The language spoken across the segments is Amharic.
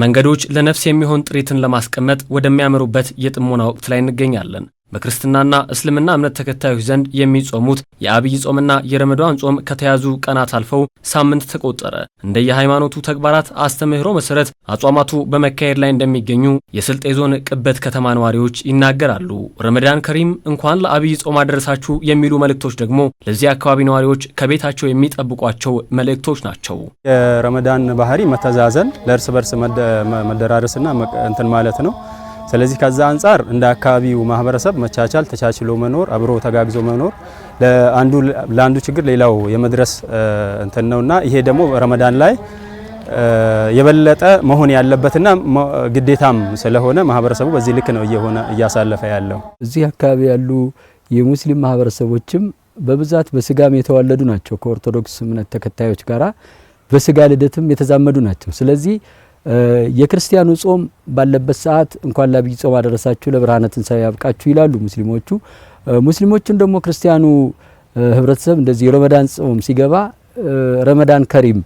መንገዶች ለነፍስ የሚሆን ጥሪትን ለማስቀመጥ ወደሚያምሩበት የጥሞና ወቅት ላይ እንገኛለን። በክርስትናና እስልምና እምነት ተከታዮች ዘንድ የሚጾሙት የአብይ ጾምና የረመዷን ጾም ከተያዙ ቀናት አልፈው ሳምንት ተቆጠረ። እንደ የሃይማኖቱ ተግባራት አስተምህሮ መሰረት አጽዋማቱ በመካሄድ ላይ እንደሚገኙ የስልጤ ዞን ቅበት ከተማ ነዋሪዎች ይናገራሉ። ረመዳን ከሪም እንኳን ለአብይ ጾም አደረሳችሁ የሚሉ መልእክቶች ደግሞ ለዚህ አካባቢ ነዋሪዎች ከቤታቸው የሚጠብቋቸው መልእክቶች ናቸው። የረመዳን ባህሪ መተዛዘን፣ ለእርስ በርስ መደራረስና እንትን ማለት ነው ስለዚህ ከዛ አንጻር እንደ አካባቢው ማህበረሰብ መቻቻል፣ ተቻችሎ መኖር፣ አብሮ ተጋግዞ መኖር ለአንዱ ለአንዱ ችግር ሌላው የመድረስ እንትን ነውና ይሄ ደግሞ ረመዳን ላይ የበለጠ መሆን ያለበትና ግዴታም ስለሆነ ማህበረሰቡ በዚህ ልክ ነው እየሆነ እያሳለፈ ያለው። እዚህ አካባቢ ያሉ የሙስሊም ማህበረሰቦችም በብዛት በስጋም የተዋለዱ ናቸው። ከኦርቶዶክስ እምነት ተከታዮች ጋራ በስጋ ልደትም የተዛመዱ ናቸው። ስለዚህ የክርስቲያኑ ጾም ባለበት ሰዓት እንኳን ለዐቢይ ጾም አደረሳችሁ ለብርሃነ ትንሣኤ ያብቃችሁ ይላሉ ሙስሊሞቹ። ሙስሊሞቹን ደግሞ ክርስቲያኑ ህብረተሰብ እንደዚህ የረመዳን ጾም ሲገባ ረመዳን ከሪም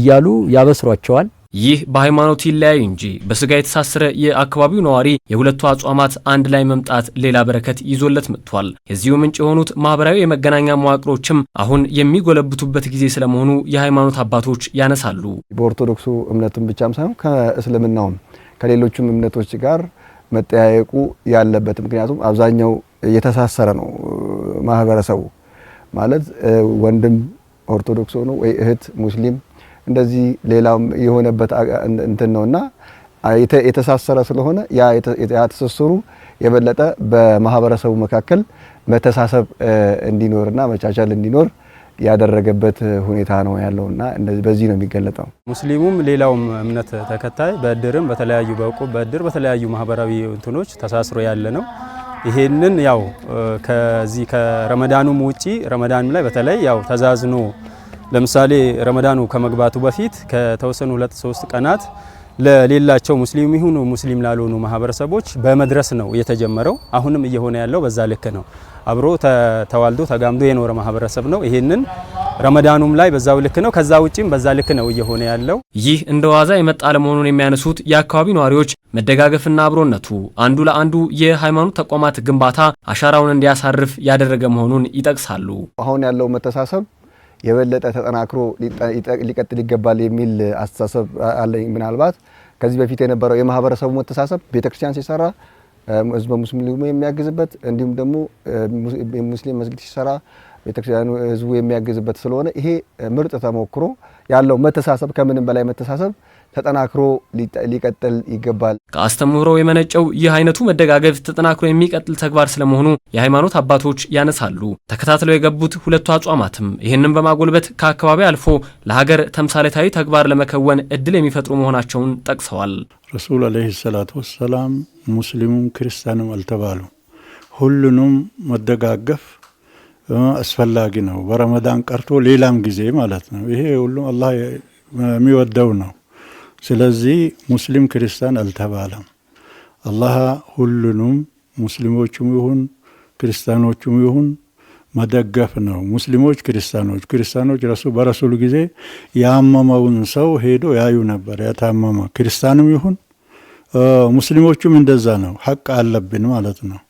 እያሉ ያበስሯቸዋል። ይህ በሃይማኖት ይለያይ እንጂ በስጋ የተሳሰረ የአካባቢው ነዋሪ የሁለቱ አጽዋማት አንድ ላይ መምጣት ሌላ በረከት ይዞለት መጥቷል። የዚሁ ምንጭ የሆኑት ማህበራዊ የመገናኛ መዋቅሮችም አሁን የሚጎለብቱበት ጊዜ ስለመሆኑ የሃይማኖት አባቶች ያነሳሉ። በኦርቶዶክሱ እምነትም ብቻም ሳይሆን ከእስልምናውም ከሌሎችም እምነቶች ጋር መጠያየቁ ያለበት ምክንያቱም አብዛኛው የተሳሰረ ነው። ማህበረሰቡ ማለት ወንድም ኦርቶዶክስ ሆኖ ወይ እህት ሙስሊም እንደዚህ ሌላም የሆነበት እንትን ነውና የተሳሰረ ስለሆነ ያ ትስስሩ የበለጠ በማህበረሰቡ መካከል መተሳሰብ እንዲኖርና መቻቻል እንዲኖር ያደረገበት ሁኔታ ነው ያለውና በዚህ ነው የሚገለጠው። ሙስሊሙም ሌላውም እምነት ተከታይ በእድርም በተለያዩ በእቁብ በእድር በተለያዩ ማህበራዊ እንትኖች ተሳስሮ ያለ ነው። ይሄንን ያው ከዚህ ከረመዳኑም ውጪ ረመዳንም ላይ በተለይ ያው ተዛዝኖ ለምሳሌ ረመዳኑ ከመግባቱ በፊት ከተወሰኑ ሁለት ሶስት ቀናት ለሌላቸው ሙስሊም ይሁኑ ሙስሊም ላልሆኑ ማህበረሰቦች በመድረስ ነው የተጀመረው። አሁንም እየሆነ ያለው በዛ ልክ ነው። አብሮ ተዋልዶ ተጋምዶ የኖረ ማህበረሰብ ነው። ይሄንን ረመዳኑም ላይ በዛው ልክ ነው። ከዛ ውጪም በዛ ልክ ነው እየሆነ ያለው። ይህ እንደ ዋዛ የመጣ ለመሆኑን የሚያነሱት የአካባቢ ነዋሪዎች መደጋገፍና አብሮነቱ አንዱ ለአንዱ የሃይማኖት ተቋማት ግንባታ አሻራውን እንዲያሳርፍ ያደረገ መሆኑን ይጠቅሳሉ። አሁን ያለው መተሳሰብ የበለጠ ተጠናክሮ ሊቀጥል ይገባል የሚል አስተሳሰብ አለኝ። ምናልባት ከዚህ በፊት የነበረው የማህበረሰቡ መተሳሰብ ቤተክርስቲያን ሲሰራ ህዝበ ሙስሊሙ የሚያግዝበት እንዲሁም ደግሞ ሙስሊም መስጊድ ሲሰራ ቤተክርስቲያኑ ህዝቡ የሚያግዝበት ስለሆነ ይሄ ምርጥ ተሞክሮ ያለው መተሳሰብ ከምንም በላይ መተሳሰብ ተጠናክሮ ሊቀጥል ይገባል። ከአስተምህሮ የመነጨው ይህ አይነቱ መደጋገፍ ተጠናክሮ የሚቀጥል ተግባር ስለመሆኑ የሃይማኖት አባቶች ያነሳሉ። ተከታትለው የገቡት ሁለቱ አጽዋማትም ይህንን በማጎልበት ከአካባቢ አልፎ ለሀገር ተምሳሌታዊ ተግባር ለመከወን እድል የሚፈጥሩ መሆናቸውን ጠቅሰዋል። ረሱል ዓለይሂ ሰላቱ ወሰላም ሙስሊሙም ክርስቲያንም አልተባሉ ሁሉንም መደጋገፍ አስፈላጊ ነው። በረመዳን ቀርቶ ሌላም ጊዜ ማለት ነው። ይሄ ሁሉም አላህ የሚወደው ነው። ስለዚህ ሙስሊም ክርስቲያን አልተባለም። አላህ ሁሉንም ሙስሊሞቹም ይሁን ክርስቲያኖቹም ይሁን መደገፍ ነው። ሙስሊሞች ክርስቲያኖች፣ ክርስቲያኖች ረሱ በረሱሉ ጊዜ ያመመውን ሰው ሄዶ ያዩ ነበር። ያታመመ ክርስቲያንም ይሁን ሙስሊሞቹም እንደዛ ነው። ሀቅ አለብን ማለት ነው።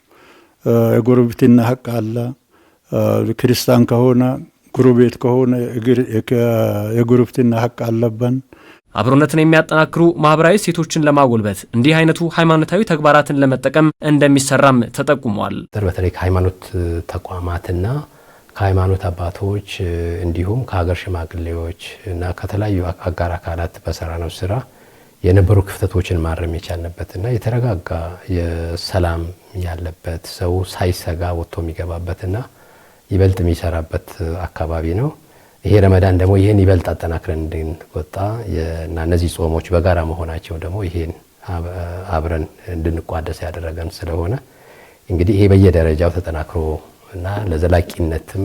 የጎረቤትና ሀቅ አለ። ክርስቲያን ከሆነ ጉሩቤት ከሆነ የጉርብትና ሀቅ አለብን። አብሮነትን የሚያጠናክሩ ማህበራዊ ሴቶችን ለማጎልበት እንዲህ አይነቱ ሃይማኖታዊ ተግባራትን ለመጠቀም እንደሚሰራም ተጠቁሟል። በተለይ ከሃይማኖት ተቋማትና ከሃይማኖት አባቶች እንዲሁም ከሀገር ሽማግሌዎች እና ከተለያዩ አጋር አካላት በሰራነው ስራ የነበሩ ክፍተቶችን ማረም የቻልንበትና የተረጋጋ የሰላም ያለበት ሰው ሳይሰጋ ወጥቶ የሚገባበትና ይበልጥ የሚሰራበት አካባቢ ነው። ይሄ ረመዳን ደግሞ ይህን ይበልጥ አጠናክረን እንድንወጣ እና እነዚህ ጾሞች በጋራ መሆናቸው ደግሞ ይሄን አብረን እንድንቋደስ ያደረገን ስለሆነ እንግዲህ ይሄ በየደረጃው ተጠናክሮ እና ለዘላቂነትም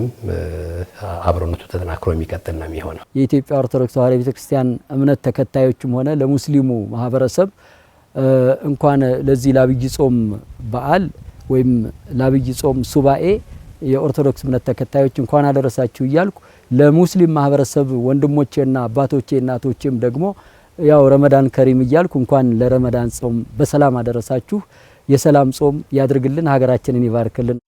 አብሮነቱ ተጠናክሮ የሚቀጥል ነው የሚሆነው። የኢትዮጵያ ኦርቶዶክስ ተዋሕዶ ቤተክርስቲያን እምነት ተከታዮችም ሆነ ለሙስሊሙ ማህበረሰብ እንኳን ለዚህ ለአብይ ጾም በዓል ወይም ለአብይ ጾም ሱባኤ የኦርቶዶክስ እምነት ተከታዮች እንኳን አደረሳችሁ እያልኩ ለሙስሊም ማህበረሰብ ወንድሞቼና አባቶቼ እናቶቼም ደግሞ ያው ረመዳን ከሪም እያልኩ እንኳን ለረመዳን ጾም በሰላም አደረሳችሁ። የሰላም ጾም ያድርግልን፣ ሀገራችንን ይባርክልን።